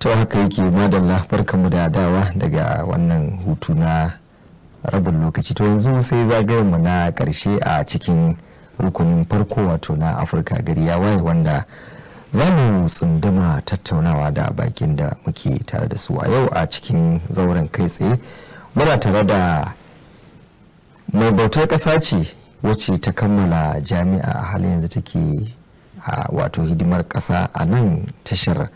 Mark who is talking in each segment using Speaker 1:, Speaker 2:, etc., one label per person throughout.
Speaker 1: to haka yake madalla barkanmu da dawa daga wannan hutu na rabin lokaci to yanzu sai mu na karshe a cikin rukunin farko wato na afirka gari ya waye wanda za mu tsunduma tattaunawa da bakin da muke tare da su a yau a cikin zauren kai tsaye muna tare da mai bautar ƙasa ce wacce ta kammala jami'a a halin yanzu take a wato hidimar ƙasa a nan tashar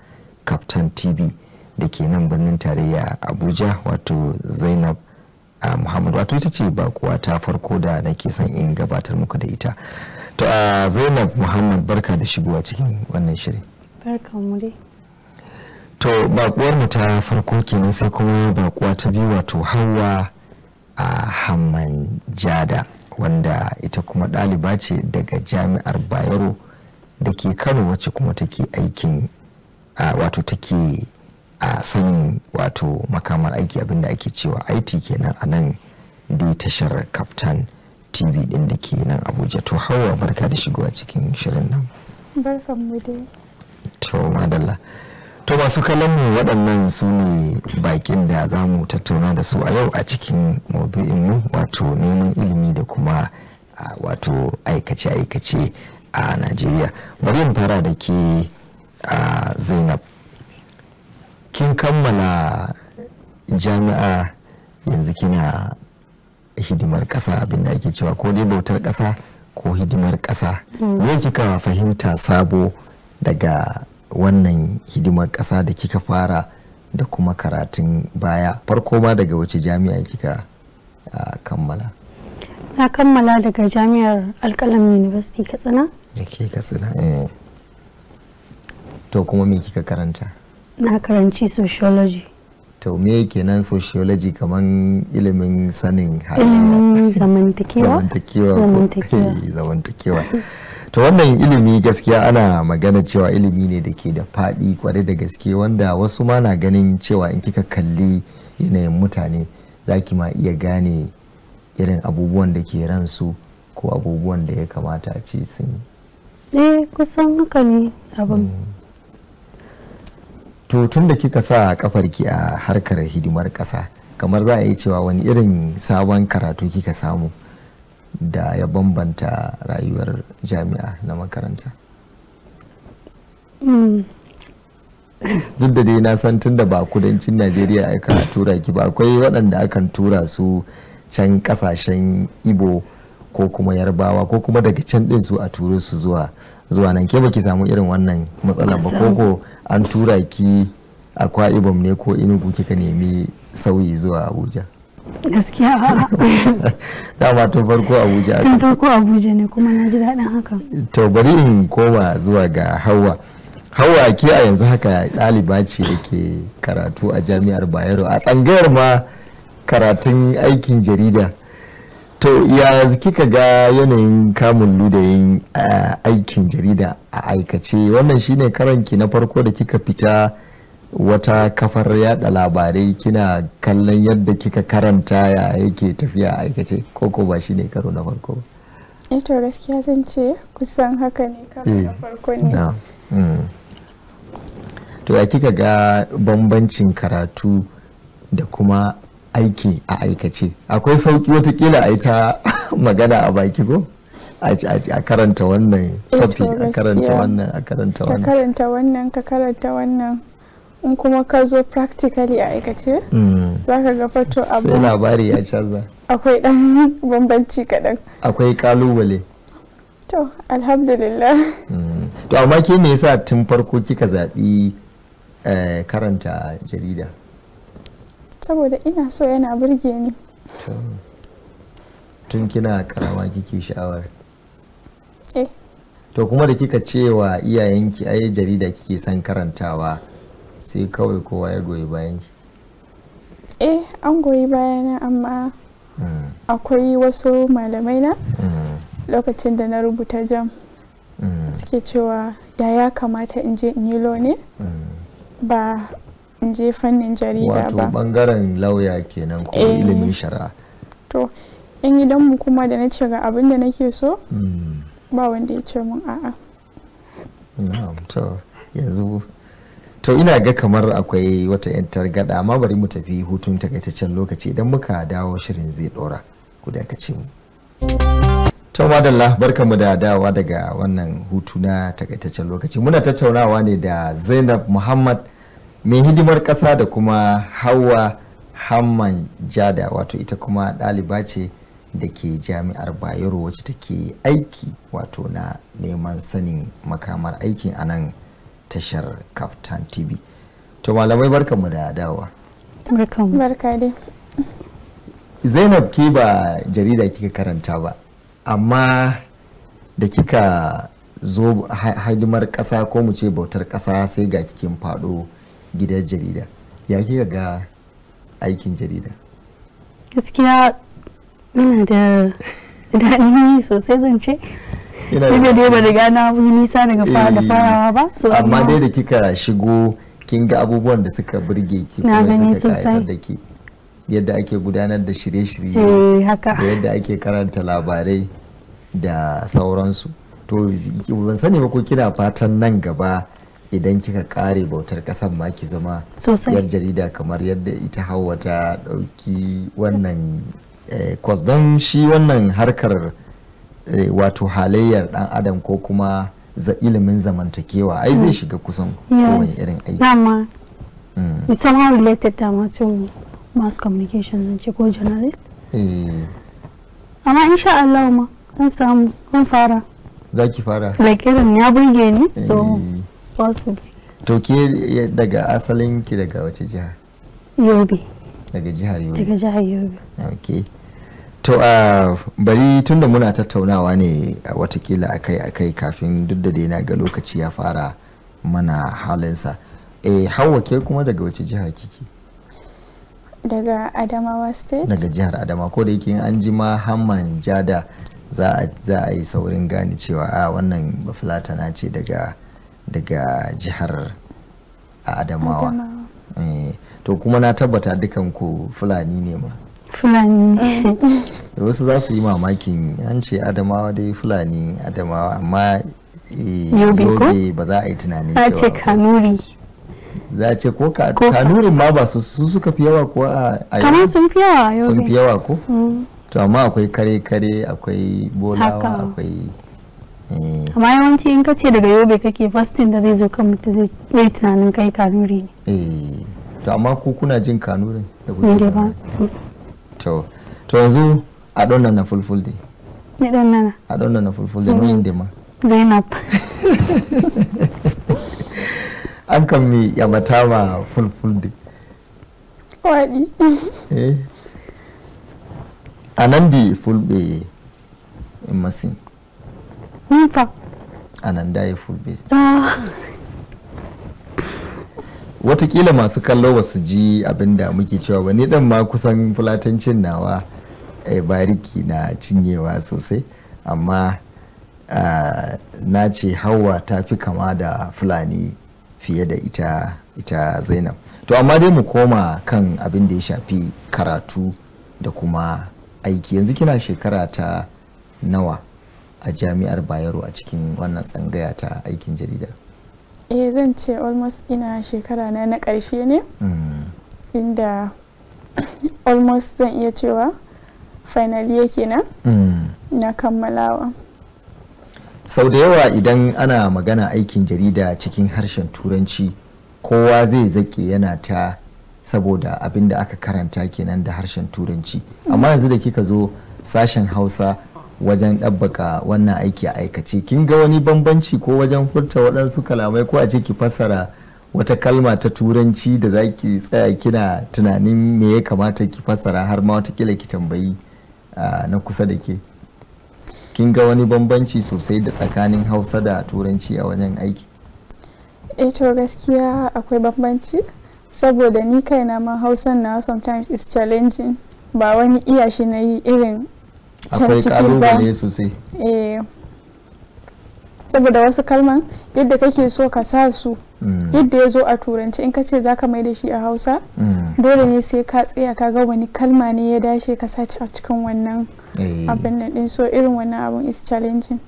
Speaker 1: captain tv da ke nan birnin tarayya abuja wato zainab a ah, muhammad wato ita ce bakuwa ta farko da nake son in gabatar muku da ita to a ah, zainab muhammad barka da shigowa cikin wannan shirin to bakuwar mu ta farko kenan sai kuma bakuwa ta biyu wato hawa a ah, hamman jada wanda ita kuma daliba ce daga jami'ar bayero da ke kano wacce kuma take aikin wato take a sanin wato makamar aiki abinda ake cewa it kenan a nan da tashar captain tv din da ke nan abuja to hawa barka da shigowa cikin shirin nan
Speaker 2: barkan mu dai
Speaker 1: to madalla to masu mu waɗannan su ne bakin da za mu tattauna da su a yau a cikin mu wato neman ilimi da kuma wato aikace-aikace a najeriya bari mu fara da ke a zainab kin kammala jami'a yanzu kina hidimar ƙasa abinda ake cewa ko dai bautar kasa ko hidimar kasa me kika fahimta sabo daga wannan hidimar kasa da kika fara da kuma karatun baya farko ma daga wace jami'a kika kammala
Speaker 3: na kammala daga jami'ar alkalam university katsina
Speaker 1: da ke katsina eh to kuma me kika karanta
Speaker 3: na karanci sociology
Speaker 1: to me kenan sociology kaman ilimin sanin halayen zamantakewa to wannan ilimi gaskiya ana magana cewa ilimi ne da ke da faɗi kwarai da gaske wanda wasu ma na ganin cewa in kika kalli yanayin mutane za ki ma iya gane irin abubuwan da ke ransu ko abubuwan da ya kamata a ce sun
Speaker 3: eh kusan haka ne abin mm.
Speaker 1: to tun da kika sa kafarki a harkar hidimar kasa kamar za a yi cewa wani irin sabon karatu kika samu da ya bambanta rayuwar jami'a na makaranta hmm. duk da dai na san tun da ba kudancin najeriya aka tura ki ba akwai waɗanda akan tura su can ƙasashen ibo ko kuma yarbawa ko kuma daga can din su a turo su zuwa zuwa nan ke baki samu irin wannan matsalar ba ko ko an tura ki akwa ibom ne ko inugu kika nemi sauyi zuwa abuja
Speaker 3: gaskiya
Speaker 1: dama tun farko abuja tun
Speaker 3: farko abuja ne kuma na ji daɗin hakan
Speaker 1: to bari in koma zuwa ga hawa hawa ke a yanzu haka ɗaliba ce da ke karatu a jami'ar bayero a tsangayar ma karatun aikin jarida to ya kika ga yanayin kamun ludayin aikin jarida a aikace wannan shine karanki na farko da kika fita wata kafar yada labarai kina kallon yadda kika karanta ya yake tafiya a aikace ko ko ba shine karo na farko ba
Speaker 2: eh to gaskiya zan ce kusan haka ne karo na eh, farko ne
Speaker 1: hmm. to ya kika ga bambancin karatu da kuma aiki a aikace akwai sauki watakila a ta magana a baki ko a karanta wannan eh, topic a karanta wannan a karanta wannan ka
Speaker 2: karanta wannan ka karanta wannan in kuma ka zo practically a aikace hmm. za ka ga fato abu sai labari ya canza akwai dan bambanci kaɗan
Speaker 1: akwai kalubale
Speaker 2: to alhamdulillah hmm.
Speaker 1: to amma ke me yasa tun farko kika zaɓi eh, karanta jarida
Speaker 2: saboda ina so yana burge ni
Speaker 1: tun kina karawa kike sha'awar eh to kuma da kika cewa iyayenki ai jarida kike son karantawa sai kawai kowa ya goyi bayan ki
Speaker 2: eh an goyi bayana amma hmm. akwai wasu malamai na hmm. lokacin da na rubuta jam hmm. suke cewa da ya kamata in je in yi ne ba in je fannin jarida ba wato
Speaker 1: bangaren lauya kenan ko eh. ilimin shari'a to
Speaker 2: yan mu kuma da na ce abin da nake so hmm. ba wanda ya ce mun a'a
Speaker 1: to yanzu to ina ga kamar akwai wata 'yan targada amma bari mu tafi hutun takaitaccen lokaci idan muka dawo shirin zai dora ku da ka ce mu to madalla barkamu da dawowa daga wannan hutu na takaitaccen lokaci muna tattaunawa ne da zainab muhammad mai hidimar kasa da kuma hawa hamman jada wato ita kuma ɗaliba ce da ke jami'ar bayero wacce take aiki wato na neman sanin makamar aikin a nan tashar kaftan tv to malamai mu da dawa zainab ke ba jarida kika karanta ba amma da kika zo hidimar ƙasa ko mu ce bautar ƙasa sai ga kikin faɗo gidan jarida ya kika ga aikin jarida
Speaker 3: gaskiya ina da daɗi sosai zan ce
Speaker 1: ina da ba
Speaker 3: riga na yi nisa daga fara da eh, farawa ba so amma dai da
Speaker 1: kika shigo kin ga abubuwan da suka burge ki kuma suka kayatar da ki yadda ake gudanar da shirye-shirye eh, da yadda ake karanta labarai da sauransu to ban sani ba ko kina fatan nan gaba idan kika kare bautar kasan ma ki zama yar jarida kamar yadda ita hawa ta dauki wannan kwas eh, don shi wannan harkar eh, wato halayyar dan adam ko kuma za ilimin zamantakewa ai zai mm. shiga kusan kowane irin aiki dama
Speaker 3: mm. it's somehow related ta to mass communication zan ce ko journalist eh. amma insha Allah ma an samu an fara
Speaker 1: za ki fara like
Speaker 3: irin ya burge ni so to
Speaker 1: ke daga asalin ki daga wace jiha yobe daga jihar yobe daga jihar yobe okay to a bari tunda muna tattaunawa ne a watakila akai akai kafin duk da dai na ga lokaci ya fara mana halinsa e eh, hawa ke kuma daga wace jiha kiki.
Speaker 2: daga adamawa state daga jihar
Speaker 1: adama ko da yake an ji ma hamman jada za a yi saurin gane cewa a wannan bafulatana ce daga daga jihar adamawa eh, to kuma na tabbata dukan ku fulani ne ma
Speaker 3: fulani ne
Speaker 1: wasu za su yi mamakin an ce adamawa dai fulani adamawa amma eh, yobe ba za a yi tunani. cewa ce
Speaker 3: kanuri
Speaker 1: za a ce ko Kanuri ma ba su suka fi yawa ko a yobe sun
Speaker 3: fi yawa yobe sun fi yawa ko mm.
Speaker 1: to amma akwai kare kare akwai bolawa akwai Eh.
Speaker 3: amma yawanci in ka ce daga yobe kake fasting da zai zo kan mutu zai tunanin kai kanuri ne
Speaker 1: eh. to amma ku kuna jin kanurin da kuke ba mm. to to yanzu a donna na fulful day ne donna na a donna na fulful mm. day ma zainab an kan mi yamata ma fulful day waɗi eh anandi fulbe masin Ah. wataƙila masu kallo ba su ji abin da muke cewa ba ni dan ma kusan fulatancin nawa eh, bariki na cinyewa sosai amma ah, na ce hawa ta fi kama da fulani fiye da ita ita zainab to amma dai mu koma kan abin da ya shafi karatu da kuma aiki yanzu kina shekara ta nawa a jami'ar bayero a cikin wannan tsangaya ta aikin jarida
Speaker 2: eh zan ce almost ina shekara na na karshe ne mm. inda almost zan iya cewa final ya kenan mm. na kammalawa
Speaker 1: sau da yawa idan ana magana aikin jarida cikin harshen turanci kowa zai zaƙe yana ta saboda abinda aka karanta kenan da harshen turanci amma mm. yanzu da kika zo sashen hausa wajen ɗabbaka wannan aiki a aikace kin ga wani bambanci ko wajen furta waɗansu kalamai ko a ce ki fassara wata kalma ta turanci da za ki tsaya kina tunanin me ya kamata ki fassara har ma watakila ki tambayi na kusa da ke kin ga wani bambanci sosai da tsakanin hausa da turanci a wajen aiki
Speaker 2: eh to gaskiya akwai bambanci saboda ni kaina ma hausan na sometimes is challenging ba wani iya shi na yi irin akwai kalubale sosai eh. saboda wasu kalman yadda kake so ka sa su mm. yadda ya zo a turanci in ka ce za ka mai da shi a hausa mm. dole ne sai ka tsaya ka ga wani kalma ne ya dashe ka sace a cikin wannan eh. abin da din so irin wannan abin is challenging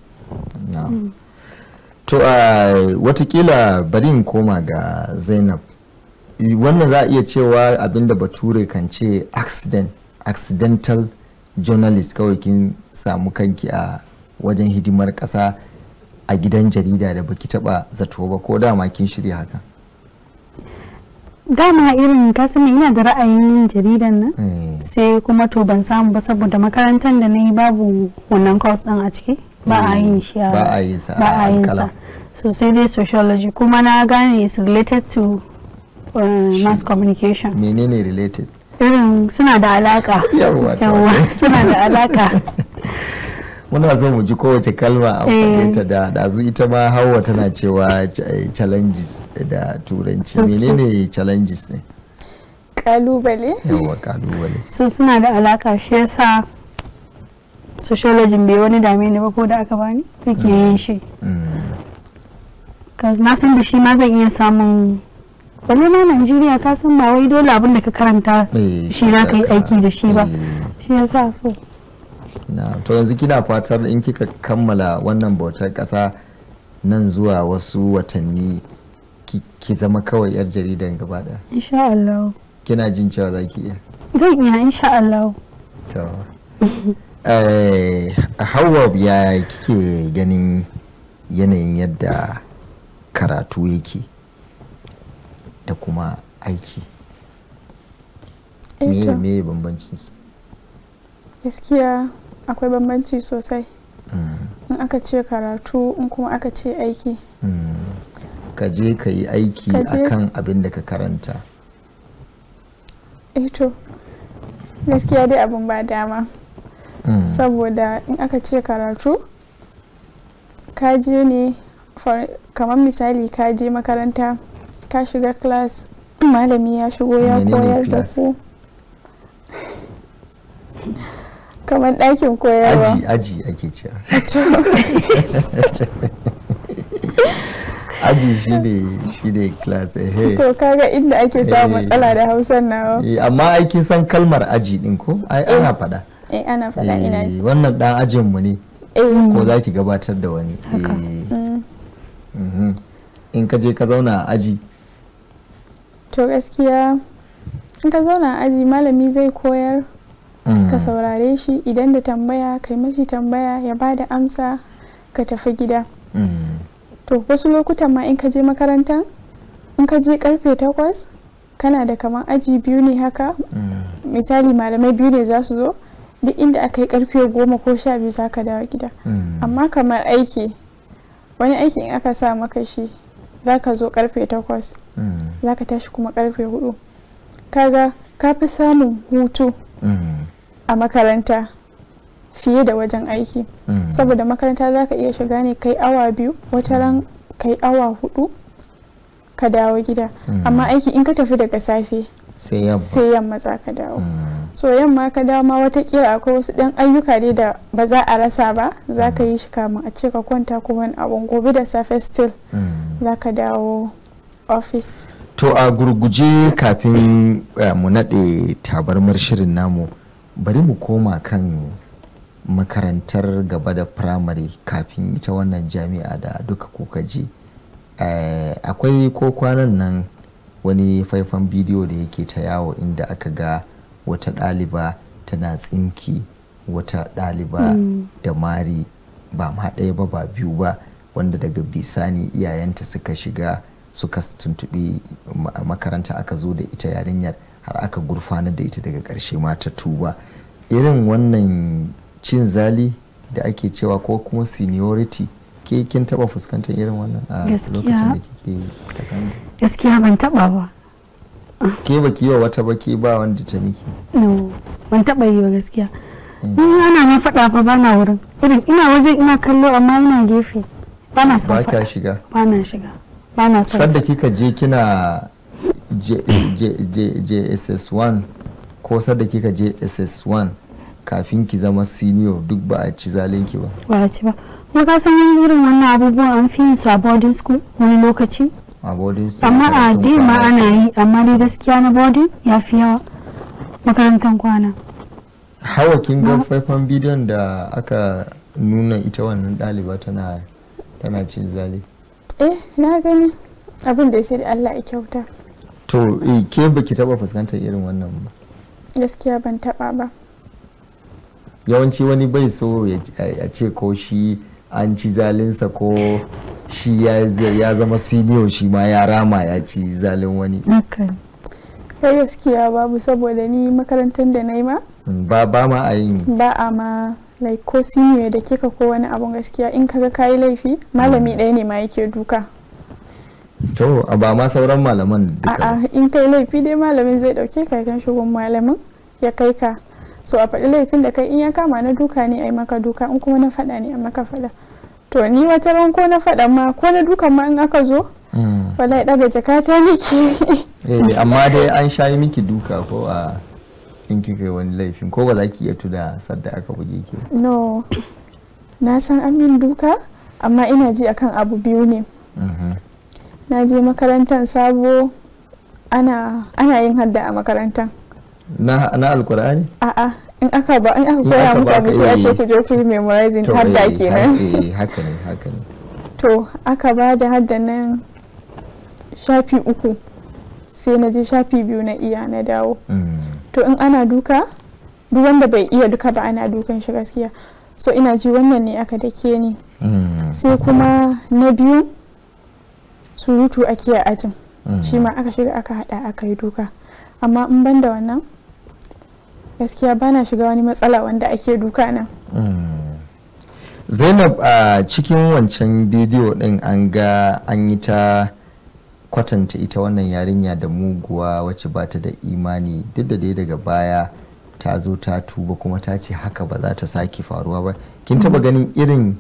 Speaker 3: mm.
Speaker 1: to watakila bari in koma ga zainab wannan za a iya cewa abinda bature kan ce accident accidental journalist kawai kin samu kanki a wajen hidimar kasa a gidan jarida da baki taba zato ba ko dama kin shirya haka
Speaker 3: dama irin kasani ina da ra'ayin yin jaridan nan eh. sai kuma to ban samu ba saboda makarantar da na yi babu wannan course din a ciki ba a hmm. yin shi a ba a yin sa sosai dai sociology kuma na gane is related to eh, mass communication
Speaker 1: menene related
Speaker 3: irin suna da alaka yawwa suna da alaka
Speaker 1: muna so mu ji kowace kalma a eh. ta da dazu ita ma hawa tana cewa eh, challenges da turanci menene challenges ne
Speaker 3: kalubale
Speaker 1: Yawwa kalubale
Speaker 3: so suna da alaka shi yasa sociology bai wani dame ne ba ko da aka bani take yin mm. shi mm. na san da shi ma zan iya samun balle ma Najeriya ka san ba wai dole abin da ka karanta eh, shi na kai aiki da shi ba eh. shi sa so
Speaker 1: to yanzu kina fatar in kika kammala wannan bautar ƙasa nan zuwa wasu watanni ki zama kawai yar jaridan gaba da
Speaker 3: insha Allah
Speaker 1: kina jin cewa za ki iya
Speaker 3: zan iya insha Allah
Speaker 1: to eh, hawa ya kike ganin yanayin yadda karatu yake da kuma aiki eh, me bambanci su
Speaker 2: gaskiya akwai bambanci sosai mm. in aka ce karatu in kuma aka ce aiki mm.
Speaker 1: ka je ka yi aiki akan abin da ka karanta
Speaker 2: eh, to gaskiya dai abin ba dama mm. saboda in aka ce karatu ka je ne kamar misali ka je makaranta ka shiga class malami ya shigo ya koyar da ku kamar ɗakin koyarwa aji aji ake cewa
Speaker 1: aji shine shine class eh to
Speaker 2: kaga inda ake samun matsala da hausan nawa eh,
Speaker 1: amma aikin san kalmar aji din ko ai eh. ana faɗa
Speaker 2: eh ana faɗa ina ji eh,
Speaker 1: wannan dan ajin mu ne ko za ki gabatar da wani mm. mhm. in ka je ka zauna a aji
Speaker 2: to gaskiya in ka zauna aji malami zai koyar mm. ka saurare shi idan da tambaya kai mashi tambaya ya ba da amsa ka tafi gida mm. to wasu lokutan ma in ka je makarantan in ka je karfe takwas kana da kamar aji biyu ne haka mm. misali malamai biyu ne za su zo duk inda aka yi karfe goma ko sha biyu za ka dawo gida amma kamar aiki wani aiki in aka sa maka shi za ka zo karfe takwas mm. za ka tashi kuma karfe hudu kaga ka fi samun hutu mm. a makaranta fiye da wajen aiki mm. saboda makaranta za ka iya shiga ne kai awa biyu wata ran kai awa hudu ka dawo gida amma aiki in ka tafi daga safe
Speaker 1: sai yamma sai
Speaker 2: yamma za ka dawo hmm. so yamma ka dawo ma kira akwai wasu ɗan ayyuka ne da ba za a rasa ba za ka hmm. yi shi kamun a ce ka kwanta ko wani abun gobe da safe still hmm. za ka dawo office
Speaker 1: to a gurguje kafin eh, mu naɗe tabarmar shirin namu bari mu koma kan makarantar gaba da firamare kafin ita wannan jami'a da duka kuka je eh, akwai ko kwanan nan wani faifan bidiyo da yake ta yawo inda aka ga wata ɗaliba tana tsinki wata ɗaliba hmm. da mari ba ma ɗaya ba ba biyu ba wanda daga bisani iyayenta suka shiga suka tuntuɓi makaranta aka zo da ita yarinyar har aka gurfanar da ita daga ƙarshe ma ta tuba irin wannan cin zali da ake cewa ko kuma seniority ke kin taba fuskantar irin wannan a lokacin da kike sakandare
Speaker 3: gaskiya ban taba ba
Speaker 1: ah. ke ba ki wata ba ke ba wanda ta miki
Speaker 3: no ban taba yi ba gaskiya eh. ni ana ma faɗa fa ba na wurin irin ina wajen ina kallo amma ina gefe ba na son faɗa ba shiga ba na shiga ba na son sadda
Speaker 1: kika je kina jss1 ko sadda kika je ss1 kafin ki zama senior duk ba a ci zalinki ba
Speaker 3: ba a ci ba ko ka san wani irin wannan abubuwan an fi yin su a boarding school wani lokaci
Speaker 1: amma a
Speaker 3: dai ma ana yi amma dai gaskiya na boarding ya fi yawa makarantar kwana
Speaker 1: hawa kin ga faifan bidiyon da aka nuna ita wannan ɗaliba tana tana cin zali
Speaker 2: eh na gani abin da ya sai Allah ya kyauta
Speaker 1: to eh ke baki taba fuskantar irin wannan ba
Speaker 2: gaskiya ban taba ba
Speaker 1: yawanci wani bai so ya ce ko shi an ci zalinsa ko shi ya zama siniyo shi ma ya rama ya ci zalin wani kai
Speaker 2: gaskiya babu saboda ni makarantar da na yi ma
Speaker 1: mm, ba ba ma a yin
Speaker 2: ba a ma like ko senior da kika ko wani abun gaskiya in kaga kayi laifi malami mm. ɗaya ne ma yake duka
Speaker 1: to a ba ma sauran malaman
Speaker 2: duka a'a in kai laifi dai malamin zai ɗauke ka kan shugun malamin ya kai ka so a faɗi laifin da kai in ya kama na duka ne a yi maka duka in kuma na faɗa ne a maka faɗa to ni wata ran ko na faɗa ma ko na dukan ma in aka zo hmm. wallahi daga ta ta eh
Speaker 1: amma dai an sha yi miki duka ko a in kika wani laifin ko ba za ki iya tuna sadda aka buge ki
Speaker 2: no na san an min duka amma ina ji akan abu biyu ne mm-hmm. na je makarantar sabo ana yin hadda a makarantar
Speaker 1: na na alkur'ani a'a
Speaker 2: in aka ba in aka koya muka sai a ce yi memorizing hadda eh, kenan eh,
Speaker 1: haka ne haka ne
Speaker 2: to aka ba da hadda nan shafi uku sai na je shafi biyu na iya na dawo mm. to in ana duka duk wanda bai iya duka ba ana dukan shi gaskiya so ina ji wannan ne aka dake ni mm. sai kuma na biyu surutu ake a ajin mm. shi ma aka shiga aka hada aka yi duka amma in ban da wannan gaskiya bana shiga wani matsala wanda ake duka nan.
Speaker 1: Hmm. zainab a cikin wancan bidiyo din an ga an yi ta kwatanta ita wannan yarinya da muguwa wacce ba ta da imani duk da dai daga baya ta zo ta tuba kuma ta ce haka ba za ta sake faruwa ba kin taba ganin irin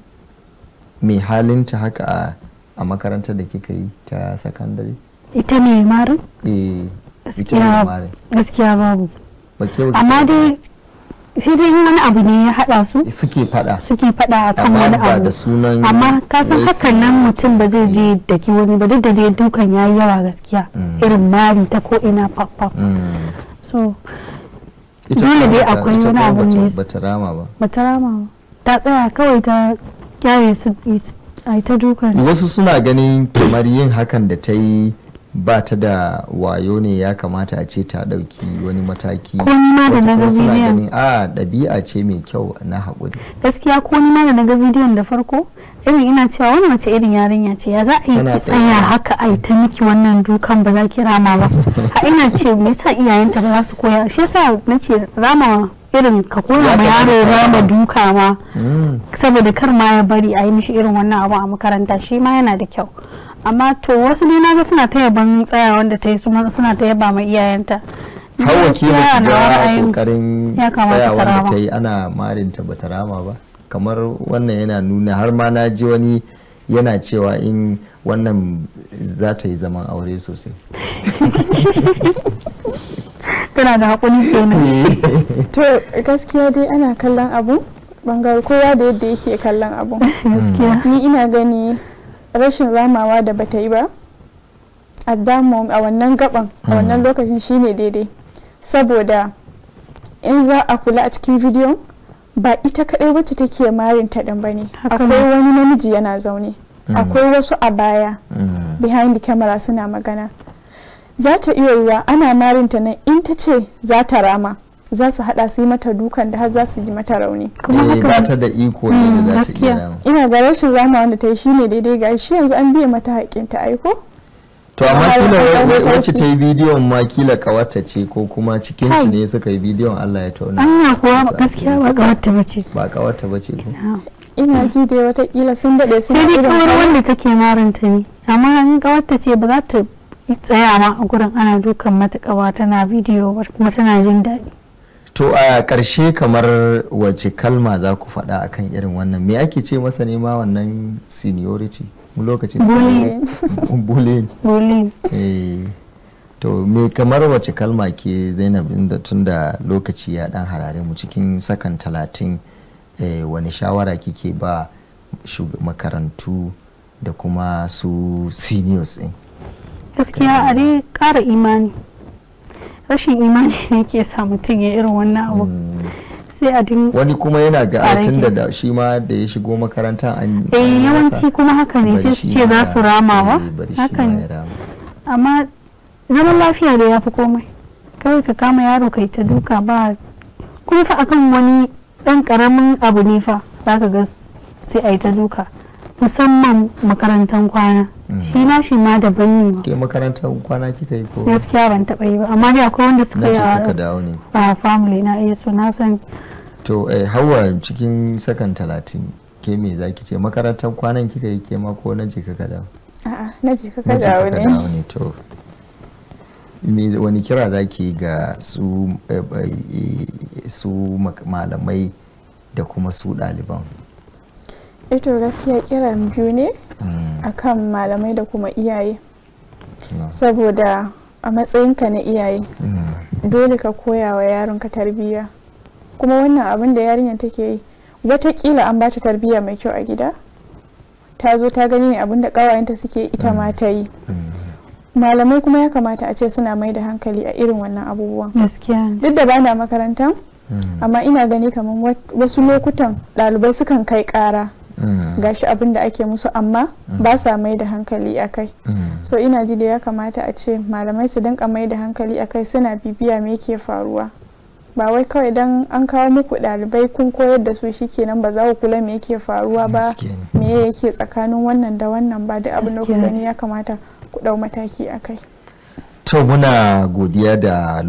Speaker 1: mai halinta haka a makarantar da kika yi ta sakandare
Speaker 3: ita ne marin?
Speaker 1: eh gaskiya babu amma
Speaker 3: dai sai dai wani abu ne ya haɗa su
Speaker 1: suke faɗa
Speaker 3: suke faɗa akan wani abu amma ka san hakan nan mutum ba zai je daki wani ba duk da dai dukan yayi yawa gaskiya mm. irin mari ta ko ina pap mm. so
Speaker 1: dole dai akwai wani abu ne bata rama ba
Speaker 3: bata rama ba ta tsaya kawai ta kyare su a ta dukan wasu
Speaker 1: suna ganin kamar yin hakan da ta yi ba ta da wayo ne ya kamata a ce ta dauki wani mataki wasu kuma ganin a ah, ɗabi'a ce mai kyau na haƙuri
Speaker 3: gaskiya ko ni ma da naga bidiyon da farko irin ina cewa wani mace irin yarinya ce ya za a yi ki tsaya haka a yi ta miki wannan dukan ba za ki rama ba a ina ce me yasa iyayenta ba za su koya shi yasa nace rama irin ka koya ma yaro rama duka ma mm. saboda kar ma ya bari a yi mishi irin wannan abu a makaranta shi ma yana da kyau amma to wasu ne naga suna ta yaban tsaya wanda ta yi suna ta yaba ma iyayenta
Speaker 1: har wakilu su da kokarin tsayawa da ta yi ana marinta ta bata rama ba kamar wannan yana nuna har ma na ji wani yana cewa in wannan za ta yi zaman aure sosai tana da haƙuri kenan to
Speaker 2: gaskiya dai ana kallon abu bangar kowa da yadda yake kallon abu ni ina gani rashin ramawa da bata yi ba a wannan gaban a hmm. wannan lokacin shine daidai saboda in za a kula a cikin vidiyon ba ita kadai wacce take marin ta ba ne akwai wani namiji yana zaune hmm. akwai wasu a baya hmm. behind the camera suna magana za ta iya yiwa ana marinta nan in ta ce za ta rama za su hada su yi mata dukan da har za su ji mata rauni kuma eh,
Speaker 1: haka ba ta da iko ne mm, da za ta iya
Speaker 2: ina ga rashin rama wanda ta yi shine daidai ga shi yanzu an biya mata haƙƙin ta aiko
Speaker 1: to amma kila wacce ta yi bidiyon ma kila kawarta ce ko kuma cikin su ne suka yi bidiyon Allah ya tauna an kuwa gaskiya ba kawarta bace ba kawarta bace ko
Speaker 3: ina ji da wata kila sun dade sun sai dai kawar wanda take maranta ne amma an kawarta ce ba za ta tsaya ma a gurin ana dukan mata kawa tana bidiyo kuma tana jin daɗi
Speaker 1: to a ƙarshe kamar wace kalma za ku faɗa akan irin wannan me ake ce masa ne ma wannan seniority lokacin eh, to me kamar wace kalma ke zainab inda tun da lokaci ya dan harare mu cikin sakan talatin eh, wani shawara kike ba makarantu da kuma su seniors din
Speaker 3: gaskiya a dai kara imani rashin imani ne ke sa mutum ya irin wannan abu sai a din wani kuma
Speaker 1: yana ga ah, tun da shi ma da ya shigo makaranta an
Speaker 3: eh yawanci kuma haka ne sai su ce za su ramawa eh, hakan amma zaman lafiya da ya fi komai kawai ka kama yaro kai ta duka ba kuma fa akan wani dan karamin abu ne fa zaka ga sai a yi ta duka musamman makarantar kwana shi ma shi ma daban ne
Speaker 1: ke makaranta kwana kika yi ko gaskiya
Speaker 3: ban taba yi ba amma dai akwai wanda suka yi a family na iya eh, so na san
Speaker 1: to eh hawa cikin sakan talatin ke me zaki ce makarantar kwanan kika yi ke ma ko na je ka dawo
Speaker 2: a'a na je dawo ne ne
Speaker 1: to wani kira zaki ga su eh, eh, su malamai da kuma su ɗaliban
Speaker 2: ito eh gaskiya kiran biyu ne hmm. a kan malamai da kuma iyaye saboda a matsayinka na iyaye hmm. dole ka koya wa yaronka tarbiyya kuma wannan abin da yarinyar take yi watakila an bata tarbiyya mai kyau a gida ta zo ta gani ne abin da ƙawayenta suke ita ma hmm. ta yi malamai kuma ya kamata a ce suna mai da hankali a irin wannan abubuwan duk da bana makarantan amma ina gani kamar wasu lokutan ɗalibai sukan kai ƙara Mm. gashi abin da ake musu amma mm. ba sa mai da hankali a kai mm. so ina ji da ya kamata a ce malamai su dinka mai da hankali a kai suna bibiya me ke faruwa ba wai kawai dan an kawo muku ɗalibai kun koyar da su shikenan ba za ku kula me yake faruwa ba me yake tsakanin wannan da wannan ba duk abin da ku gani ya kamata ku ɗau mataki a kai
Speaker 1: to muna godiya da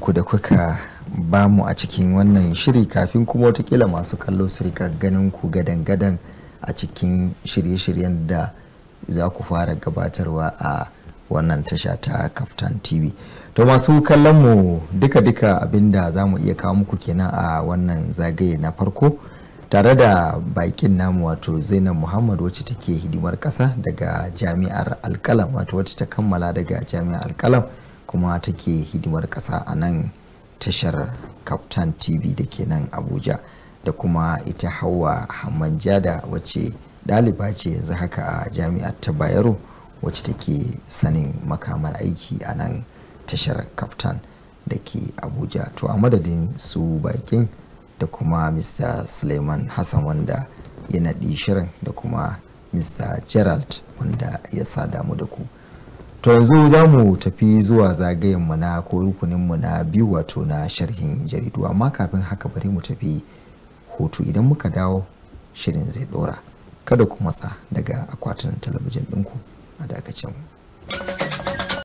Speaker 1: ku da kuka ba mu a cikin wannan shiri kafin kuma watakila masu kallo su rika ganin ku gadan-gadan a cikin shirye-shiryen da za ku fara gabatarwa a wannan tasha ta kaftan tv to masu kallon mu duka-duka abinda za mu iya kawo muku kenan a wannan zagaye na farko tare da bakin namu wato zainab muhammad wacce take hidimar kasa daga jami'ar alkalam wato wacce ta kammala daga jami'ar alkalam kuma take hidimar kasa a nan tashar captain tv da ke nan abuja da kuma ita hawa hamanjada wacce ɗaliba ce yanzu haka a jami'ar ta bayero wacce take sanin makamar aiki a nan tashar captain da ke abuja to a madadin su bakin da kuma mr suleiman hassan wanda ya naɗi shirin da kuma mr gerald wanda ya sa damu da ku. to yanzu za mu tafi zuwa zagayenmu na ko rukuninmu na biyu wato na sharhin jaridu amma kafin haka bari mu tafi hoto idan muka dawo shirin zai dora kada ku matsa daga akwatin talabijin ɗinku a dakacin mu.